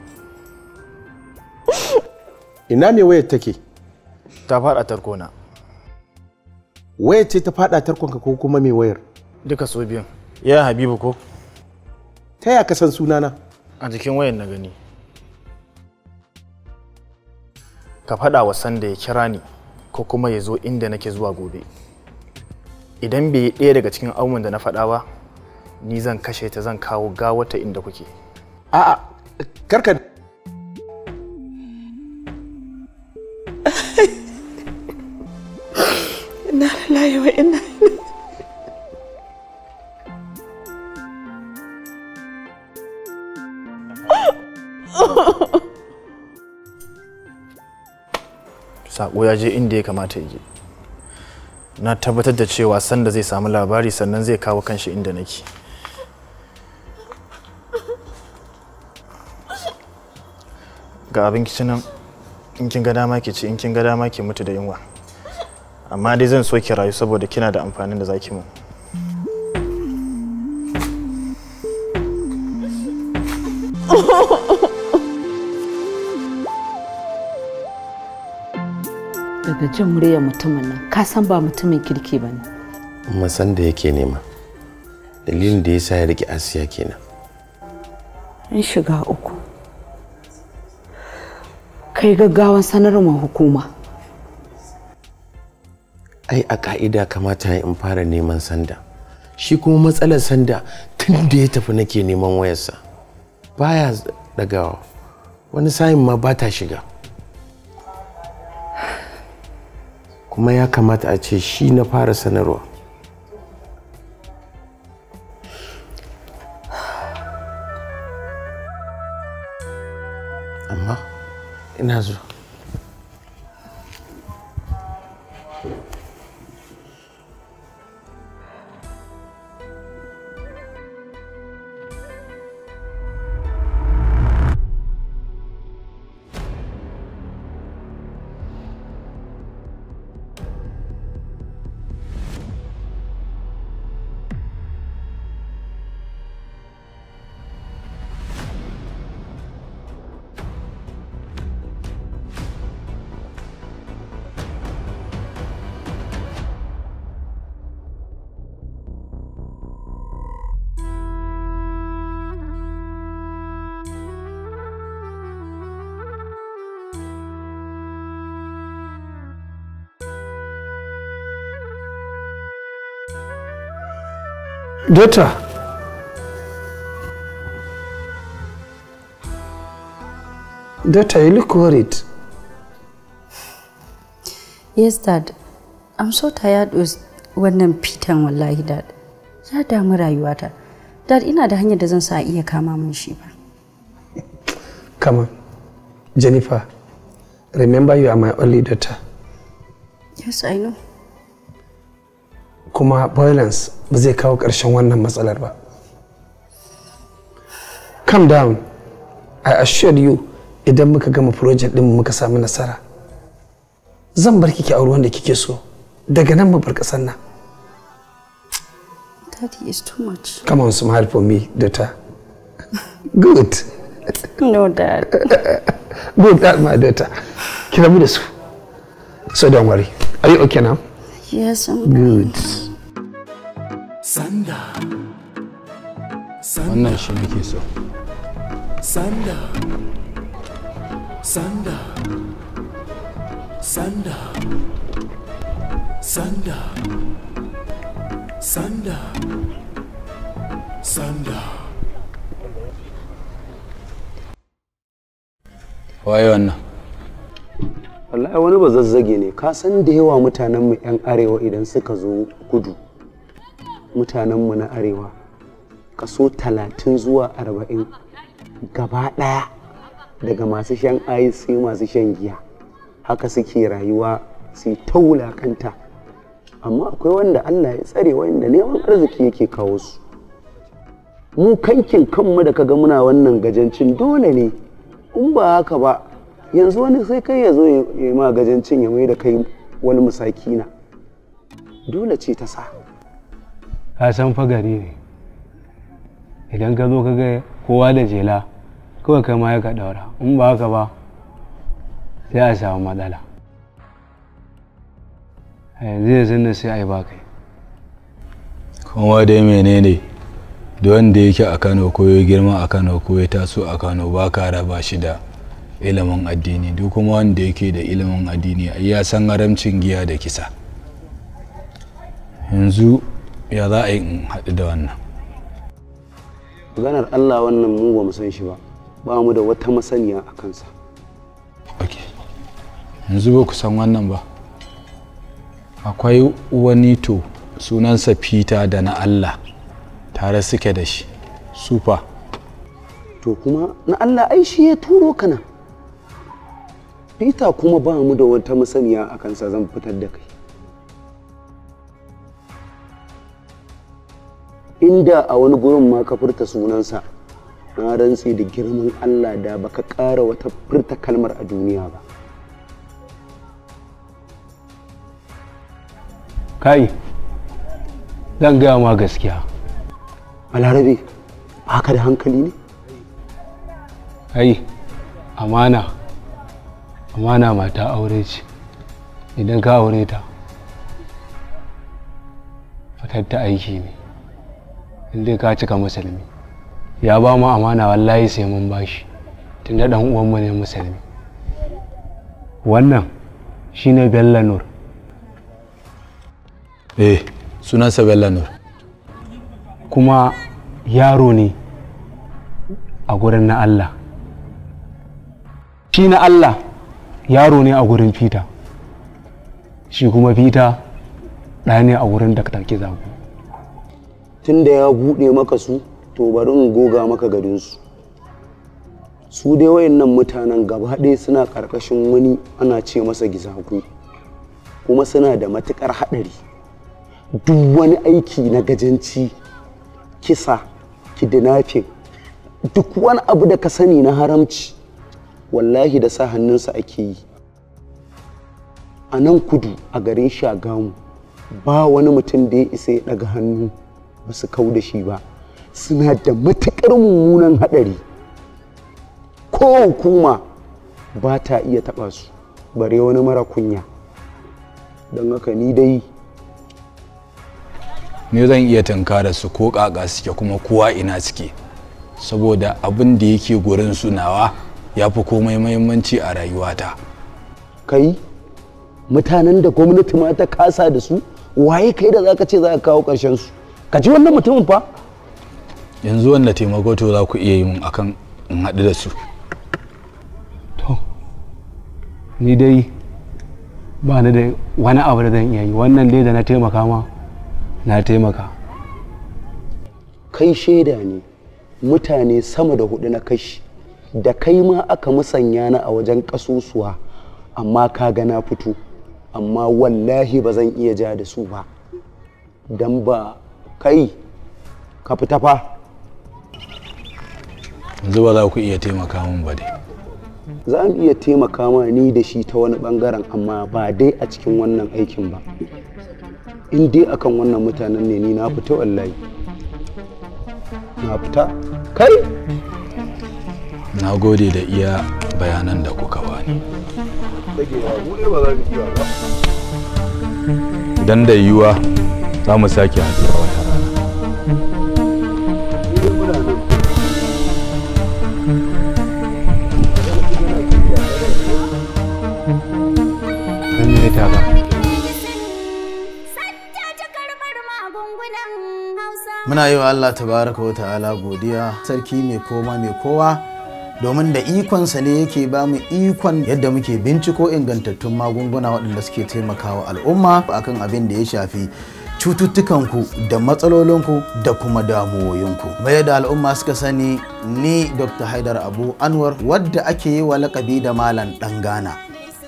ina me wayar take ta fada tarkona wayar ce ta fada tarkonka ko kuma me wayar duka so biyan ya habibu ko ta ya kasan sunana a jikin wayar na gani ka fada wa sanda ya kira ni ko kuma ya zo inda nake zuwa gobe idan bai yi ɗaya daga cikin abubuwan da na faɗa ba ni zan kashe ta zan kawo gawata inda kuke a'a karka ina lalaye wa ina sako ya je inda ya kamata ya je na tabbatar da cewa sanda zai samu labari sannan zai kawo kanshi inda nake ka abin kici nan in kin ga dama ki ci in kin ga dama ki mutu da yunwa amma dai zan so ki rayu saboda kina da amfanin da zaki mu daga jin muryar mutumin nan ka san ba mutumin kirki ba ne san da yake nema dalilin da ya sa ya rike asiya kenan an shiga uku kai gaggawan sanarwar hukuma ai a ka'ida kamata in fara neman sanda shi kuma matsalar sanda tun da ya tafi nake neman wayarsa baya dagawa wani sayin ma ba ta shiga kuma ya kamata a ce shi na fara sanarwa amma in Nazareth. data data you look worried yes dad i'm so tired with wannan fitan wallahi dad ya damu rayuwata dad ina da hanyar da zan sa iya kama mun shi ba come on jennifer remember you are my only daughter yes i know kuma violence ba zai kawo ƙarshen wannan matsalar ba calm down i assure you idan muka gama project din muka sami nasara zan bar kike aure wanda kike so daga nan mu bar ƙasar nan Daddy is too much. Come on, smile for me, daughter. Good. no, Dad. Good, dad my daughter. Kira mu da su. So don't worry. Are you okay now? Yes, I'm good. good. Sanda. sanda, Wannan shi nake so. Sanda. Sanda. Sanda. Sanda. Sanda. Sanda. Waye wannan? Wallahi wani ba zazzage ne, ka san da yawa mutanenmu 'yan arewa idan suka zo kudu. mutanenmu na arewa kaso talatin zuwa arba'in gaba ɗaya daga masu shan ayi sai masu shan giya haka suke rayuwa sai ta wulakanta amma akwai wanda allah ya tsare wanda neman arziki yake kawo su mu kankin kanmu da kaga muna wannan gajancin dole ne in ba haka ba yanzu wani sai kai ya zo ya yi ma gajancin ya mai da kai wani na dole ce ta sa ka san fa ne idan ka zo ka ga kowa da jela kawai kai ma ka daura in ba haka ba sai a samu matsala a yanzu yanzu nan sai a yi ba kai kuma dai menene da wanda yake a kano ko ya girma a kano ko ya taso a kano ba ka raba shi da ilimin addini duk kuma wanda yake da ilimin addini ya san haramcin giya da kisa yanzu ya za a yi in haɗu da wannan maganar allah wannan mu ba mu san shi ba ba mu da wata masaniya a kansa ok yanzu ba ku san wannan ba akwai wani to sunansa peter da na allah tare suke da shi sufa to kuma na allah ai shi ya turo kana peter kuma ba mu da wata masaniya a kansa zan fitar da kai inda a wani gurin ma ka furta sunansa na rantse da girman Allah da baka ƙara wata furta kalmar a duniya ba kai zan gaya ma gaskiya balarabe haka da hankali ne kai amana amana mata aure ce idan ka aure ta fatar ta aiki ne inda ka cika musulmi ya ba mu amana wallahi sai mun bashi tunda dan mu ne musulmi wannan shine bella nur eh sunansa bella nur kuma yaro ne a gurin na allah shi na allah yaro ne a gurin fita shi kuma fita ɗaya ne a wurin da ka zaku. tunda ya buɗe maka su to bari in goga maka garinsu su dai wayannan mutanen gaba ɗaya suna ƙarƙashin wani ana ce masa gizaku kuma suna da matukar haɗari duk wani aiki na gajanci kisa kidnapping duk wani abu da ka sani na haramci wallahi da sa hannunsa ake yi a nan kudu a garin shagamu ba wani mutum da ya isa ya ɗaga hannu ba su kau da shi ba suna da matukar mummunan haɗari ko hukuma ba ta iya taɓa su bare wani mara kunya don haka ni dai ne zan iya tunkara su ko ƙaƙa suke kuma kowa ina suke saboda abin da yake gurin sunawa ya fi komai mahimmanci a rayuwata kai mutanen da gwamnati ma ta kasa da su waye kai da zaka ce za ka kawo ƙarshen su ka ji wannan mutumin fa yanzu wanda taimako to za ku iya yi mun akan in haɗu da su to ni dai ba ni da wani abu da zan iya yi wannan dai da na taimaka ma na taimaka kai shaida ne mutane sama da hudu na kashi da kai ma aka musanya na a wajen kasusuwa amma ka ga na fito amma wallahi ba zan iya ja da su ba don ba kai ka fita fa yanzu ba za ku iya taimaka min ba dai za mu iya taimaka ma ni da shi ta wani bangaren amma ba dai a cikin wannan aikin ba in dai akan wannan mutanen ne ni na fita wallahi na fita kai na gode da iya bayanan da kuka bani dan da yiwuwa za mu sake a wata rana muna yi wa Allah tabaraka wa ta'ala godiya sarki mai koma mai kowa domin da ikonsa ne yake ba mu ikon yadda muke binciko ingantattun magunguna waɗanda suke taimakawa al'umma akan abin da ya shafi cututtukanku da matsalolinku da kuma damuwoyinku. Mai da al'umma suka sani ni Dr. Haidar Abu Anwar wadda ake yi wa lakabi da Malam ɗan Ghana.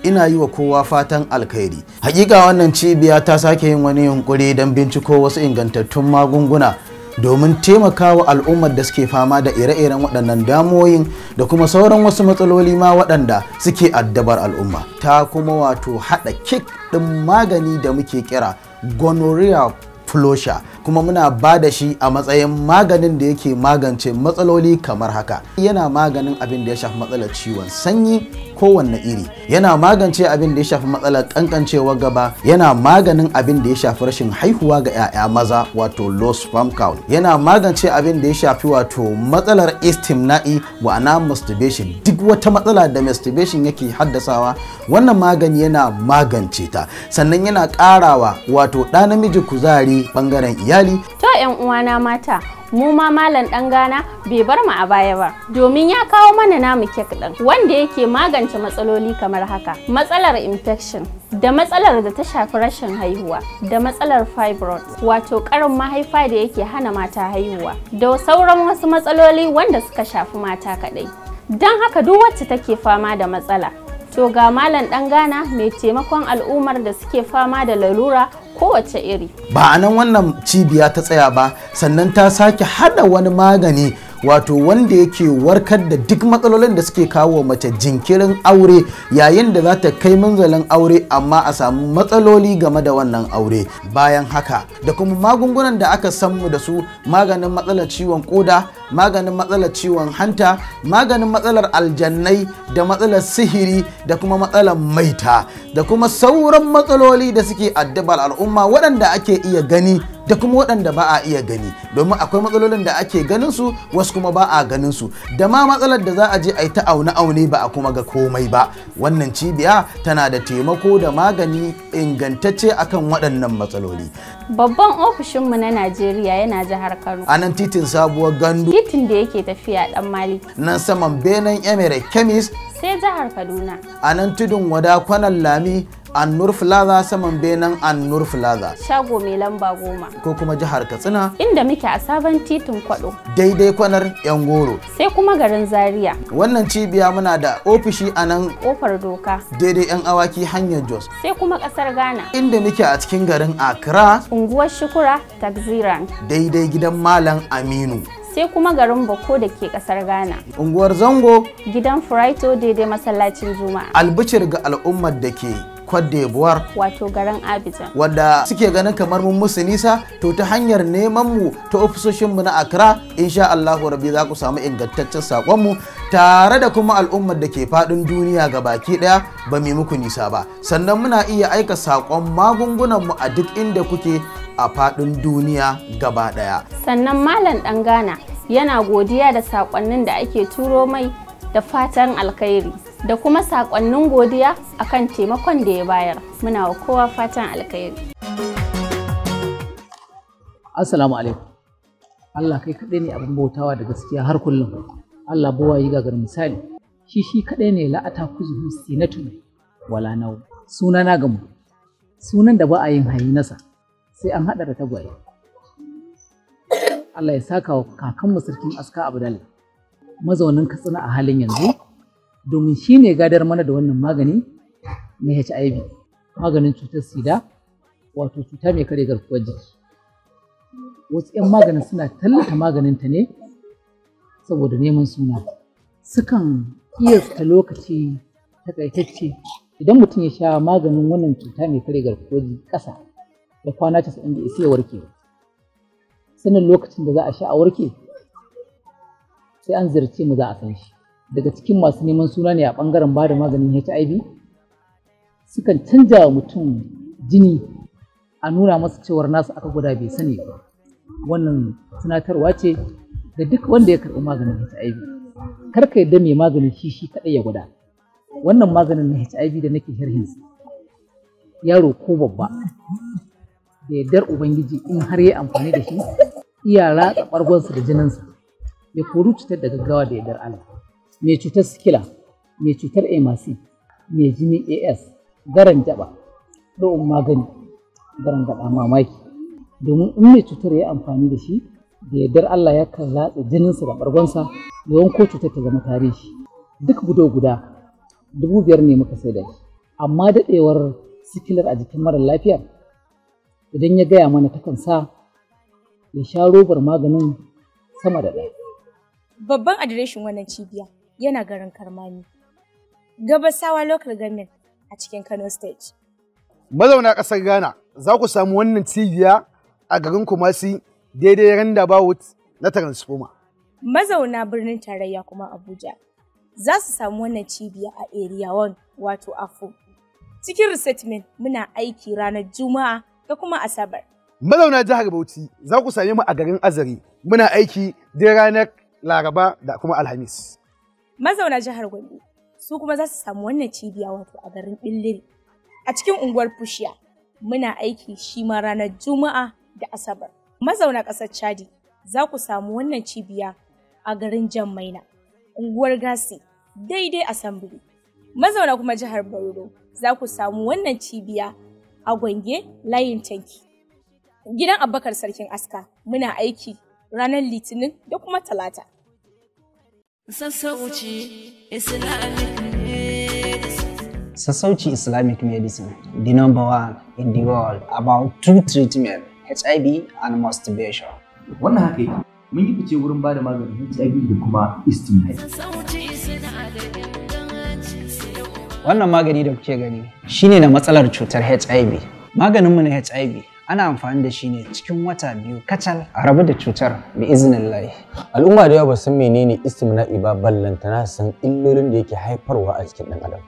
Ina yi wa kowa fatan alkhairi. Hakika wannan cibiya ta sake yin wani yunkuri don binciko wasu ingantattun magunguna domin taimakawa al'ummar da suke fama da ire-iren waɗannan damoyin da kuma sauran wasu matsaloli ma waɗanda suke addabar al'umma. Ta kuma wato haɗa kik ɗin magani da muke kira gonorrhea flosha kuma muna ba da shi a matsayin maganin da yake magance matsaloli kamar haka yana maganin abin da ya shafi matsalar ciwon sanyi kowanne iri yana magance abin da ya shafi matsalar kankancewar gaba yana maganin abin da ya shafi rashin haihuwa ga 'ya'ya maza wato low sperm count yana magance abin da ya shafi wato matsalar istimna'i ana masturbation duk wata matsala da masturbation yake haddasawa wannan magani yana magance ta sannan yana karawa wato ɗa namiji kuzari bangaren iyali ta 'yan uwana mata mu ma malam ɗan gana bai bar mu a baya ba domin ya kawo mana namu kek ɗin wanda yake magance matsaloli kamar haka matsalar infection da matsalar da ta shafi rashin haihuwa da matsalar fibroid wato karin mahaifa da yake hana mata haihuwa da sauran wasu matsaloli wanda suka shafi mata kaɗai don haka duk wacce take fama da matsala to ga malam ɗan gana mai taimakon al'ummar da suke fama da lalura kowace iri ba a nan wannan cibiya ta tsaya ba sannan ta sake hada wani magani wato wanda yake warkar da duk matsalolin da suke kawo mace jinkirin aure yayin da za ta kai manzalin aure amma a samu matsaloli game da wannan aure bayan haka da kuma magungunan da aka san mu da su maganin matsalar ciwon koda maganin matsalar ciwon hanta maganin matsalar aljannai da matsalar sihiri da kuma matsalar maita da kuma sauran matsaloli da suke addabar al'umma waɗanda ake iya gani da kuma waɗanda ba a iya gani domin akwai matsalolin da ake ganin su wasu kuma ba a ganin su da ma matsalar da za a je a yi ta aune aune ba a kuma ga komai ba wannan cibiya tana da taimako da magani ingantacce akan waɗannan matsaloli Babban ofishinmu na Najeriya yana jihar Kano. A nan titin sabuwar gandu. Titin da yake tafiya dan Maliki. Nan saman benen Emirate Kemis. Sai jihar Kaduna. A nan tudun wada kwanan Lami Annur Plaza saman benin Annur Plaza. Shago mai lamba goma. Ko kuma jihar Katsina. Inda muke a sabon titin kwaɗo. Daidai kwanar Yan Goro. Sai kuma garin Zaria. Wannan cibiya muna da ofishi a nan. Ƙofar Doka. Daidai Yan Awaki hanyar Jos. Sai kuma ƙasar Ghana. Inda muke a cikin garin Accra. Unguwar Shukura Taxiran. Daidai gidan Malam Aminu. sai kuma garin Bako da ke kasar Ghana. Unguwar Zango. Gidan Furaito daidai masallacin Juma'a. Albicir ga al'ummar da ke Côte d'Ivoire wato garin Abidjan wanda suke ganin kamar mun musu nisa to ta hanyar neman mu ta ofisoshin mu na Accra insha Allahu rabi za ku samu ingantaccen sakon mu tare da kuma al'ummar da ke fadin duniya ga baki daya ba mai muku nisa ba sannan muna iya aika sakon magungunan mu a duk inda kuke a fadin duniya gaba daya sannan malam dan Ghana yana godiya da sakonnin da ake turo mai da fatan alkhairi da kuma sakonnin godiya akan taimakon da ya bayar muna wa kowa fatan alkhairi assalamu alaikum Allah kai kaɗai ne abin bautawa da gaskiya har kullum Allah bawa yi gagar misali shi shi kaɗai ne la'ata kuzuhu sinatu wala nau suna na gamu sunan da ba a yin hayi nasa sai an haɗa da tagwaye Allah ya saka wa kakanmu sarkin aska abdal mazaunin katsina a halin yanzu domin shi ne gadar mana da wannan magani na HIV maganin cutar sida wato cuta mai kare garkuwar jiki wasu 'yan maganin suna tallata maganinta ne saboda neman suna sukan iya lokaci takaitacce idan mutum ya sha maganin wannan cuta mai kare garkuwar ƙasa da kwana 90 da isa ya warke sanin lokacin da za a sha a warke sai an zirce mu za a san shi daga cikin masu neman suna ne a ɓangaren ba da maganin HIV sukan canja wa mutum jini a nuna masa cewar nasu aka gwada bai sani ba wannan tunatarwa ce da duk wanda ya karɓi maganin HIV kar ka yadda mai maganin shi shi kaɗai ya gwada wannan maganin na HIV da nake harhinsu, yaro ko babba da yardar ubangiji in har ya amfani da shi iya ratsa bargonsa da jininsa ya koru cutar da gaggawa da yardar Allah mai cutar sikila mai cutar amc mai jini as garan jaba, ɗo'in magani garan gaba mamaki domin in mai cutar ya amfani da shi da yardar Allah ya kan latsa jininsa da ɓargonsa yawan ko cutar ta zama tarihi duk gudo guda dubu biyar ne muka sai da shi amma daɗewar sikilar a jikin mara lafiyar idan ya gaya mana takan sa ya sha robar maganin sama da ɗaya. Babban adireshin wannan cibiya yana garin Karmami. Gabasawa local government a cikin Kano state. Mazauna ƙasar Ghana za ku samu wannan cibiya a garin Kumasi daidai randa bawut na taransfoma Mazauna birnin tarayya kuma Abuja za su samu wannan cibiya a Area 1 wato Afo. Cikin resettlement muna aiki ranar Juma'a da kuma Asabar. Mazauna jihar Bauchi za ku same mu a garin Azari muna aiki dai ranar Laraba da kuma Alhamis. mazauna jihar Gombe su kuma za su samu wannan cibiya wato a garin Billiri a cikin unguwar Fushiya muna aiki shi ma ranar Juma'a da Asabar mazauna ƙasar Chadi za ku samu wannan cibiya a garin Jammaina unguwar Gasi daidai a Asambili mazauna kuma jihar Borno za ku samu wannan cibiya a Gwange layin tanki gidan Abakar Sarkin Aska muna aiki ranar Litinin da kuma Talata Sassauci Islamic Medicine. Sassauci Islamic Medicine, the number one in the world about true treatment, HIV and masturbation. Wannan haka yi, mun yi fice wurin ba da maganin HIV da kuma istimai. Wannan magani da kuke gani shine na matsalar cutar HIV. Maganinmu na HIV ana amfani da shi ne cikin wata biyu kacal a rabu da cutar bi izinin layi. Al'umma da yawa ba san menene istimna'i ba ballantana san illolin da yake haifarwa a cikin ɗan adam.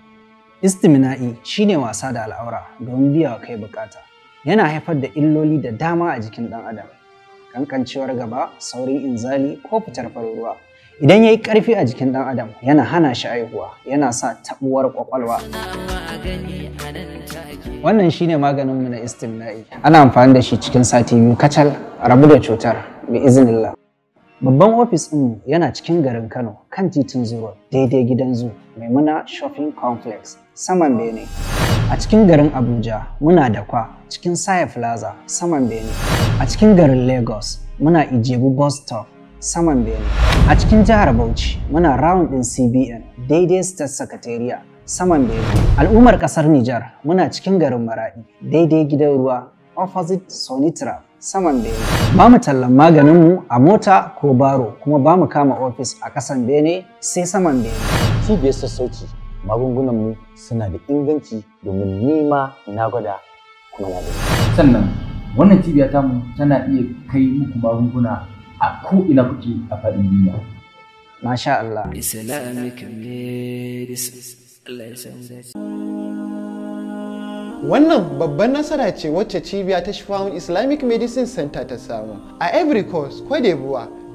Istimna'i shine wasa da al'aura domin biya wa kai bukata. Yana haifar da illoli da dama a jikin ɗan adam. Kankancewar gaba, saurin inzali ko fitar farin ruwa. idan ya yi ƙarfi a jikin ɗan adam yana hana shi aihuwa yana sa tabuwar kwakwalwa wannan shine maganinmu na istimna'i ana amfani da shi cikin sati biyu kacal rabu da cutar bi iznillah babban ofis ɗin yana cikin garin kano kan titin zuwa daidai gidan zu maimuna shopping complex saman bene a cikin garin abuja muna da kwa cikin saya plaza saman bene a cikin garin lagos muna ijebu bus stop saman bene a cikin jihar bauchi muna round din cbn daidai state secretariat saman bene al'ummar kasar nijar muna cikin garin maradi daidai gidan ruwa opposite sonitra saman bene ba mu tallan mu a mota ko baro kuma ba mu kama ofis a kasan bene sai saman bene cibiyar magungunan mu suna da inganci domin nima na gwada kuma na sannan wannan cibiya mu tana iya kai muku magunguna a ko'ina kuke a faɗin duniya. Masha Allah. Wannan babban nasara ce wacce cibiya ta Shifawun Islamic Medicine Center ta samu a Ivory Coast, Côte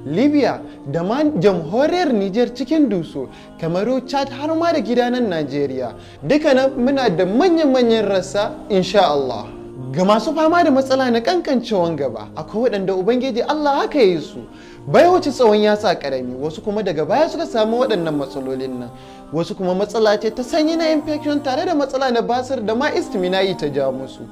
Libya da ma jamhuriyar Nijar cikin duso, Kamaru, Chad har ma da gidanan Najeriya. Duka muna da manyan-manyan rasa, insha Allah. ga masu fama da matsala na kankancewan gaba akwai waɗanda ubangiji Allah haka ya yi su bai wuce tsawon ya sa karami wasu kuma daga baya suka samu waɗannan matsalolin nan wasu kuma matsala ce ta sanyi na infection tare da matsala na basir da ma istimina'i ta ja musu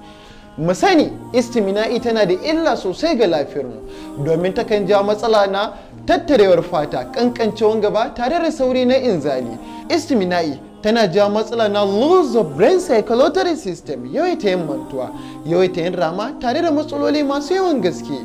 mu sani istimina'i tana da illa sosai ga lafiyarmu domin takan ja matsala na tattarewar fata kankancewan gaba tare da sauri na inzali istimina'i tana jawo matsala na lose of brain circulatory system yawaita yin mantuwa yawaita yin rama tare da matsaloli masu yawan gaske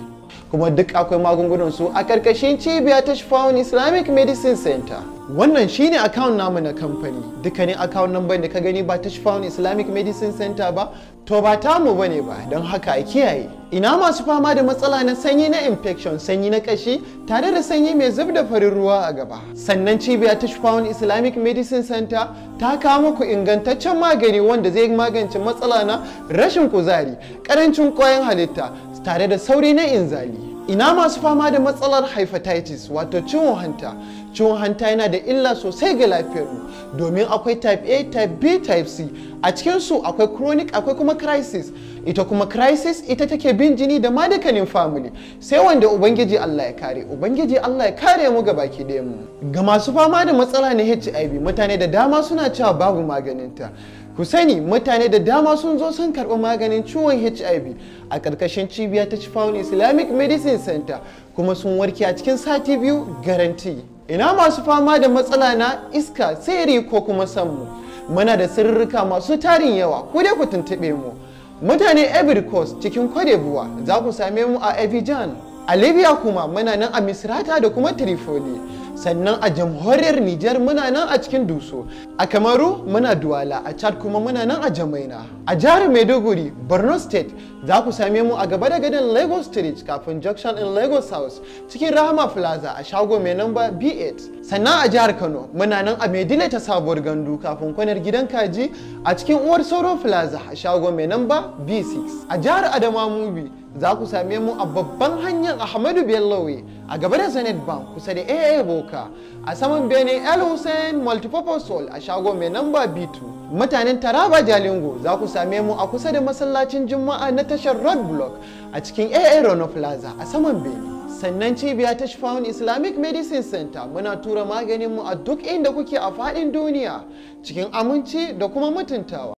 kuma duk akwai magungunan su a karkashin cibiya ta Shifawun Islamic Medicine Center. Wannan shine account namu na kamfani. Dukkanin account number da ka gani ba ta Shifawun Islamic Medicine Center ba, to ba tamu bane ba don haka a kiyaye ina masu fama da matsala na sanyi na infection sanyi na kashi tare da sanyi mai zub da farin ruwa a gaba sannan cibiya ta Shufawun islamic medicine center ta kawo muku ingantaccen magani wanda zai magance matsala na rashin kuzari karancin kwayan halitta tare da sauri na inzali ina masu fama da matsalar hepatitis wato ciwon hanta ciwon hanta yana da illa sosai ga lafiyarmu domin akwai type a type b type c a cikinsu akwai chronic akwai kuma crisis ita kuma crisis ita take bin jini da madakanin family sai wanda ubangiji allah ya kare ubangiji allah ya kare mu ga baki ɗayan mu ga masu fama da matsala na hiv mutane da dama suna cewa babu maganinta ku sani mutane da dama sun zo sun karɓi maganin ciwon hiv a ƙarƙashin cibiya ta Chifawun islamic medicine center kuma sun warke a cikin sati biyu garanti ina masu fama da matsala na iska tsere ko kuma sanmu muna da sirrika masu tarin yawa ku dai ku tuntuɓe mu mutane ivory coast cikin buwa za ku same mu a abidjan a libya kuma muna nan a misrata da kuma trifoli sannan a jamhuriyar Nijar muna nan a cikin Duso a Kamaru muna Duwala a Chad kuma muna nan a Jamaina a jihar Maiduguri Borno State za ku same mu a gaba da gadon Lagos Street kafin Junction in Lagos House cikin Rahama Plaza a shago mai namba B8 sannan a jihar Kano muna nan a Maidile ta sabuwar gandu kafin kwanar gidan kaji a cikin Uwar Soro Plaza a shago mai namba B6 a jihar Adamawa movie. za ku same mu a babban hanyar Ahmadu Bellowe a gaba da Zenith Bank kusa da AA Boka a saman Bene El Hussein Multipurpose a shago mai namba B2. Mutanen Taraba Jalingo za ku same mu a kusa da masallacin Juma'a na tashar Road Block a cikin AA Rono Plaza a saman Bene. sannan cibiya ta shifahun Islamic Medicine Center muna tura maganinmu a duk inda kuke a faɗin duniya cikin aminci da kuma mutuntawa.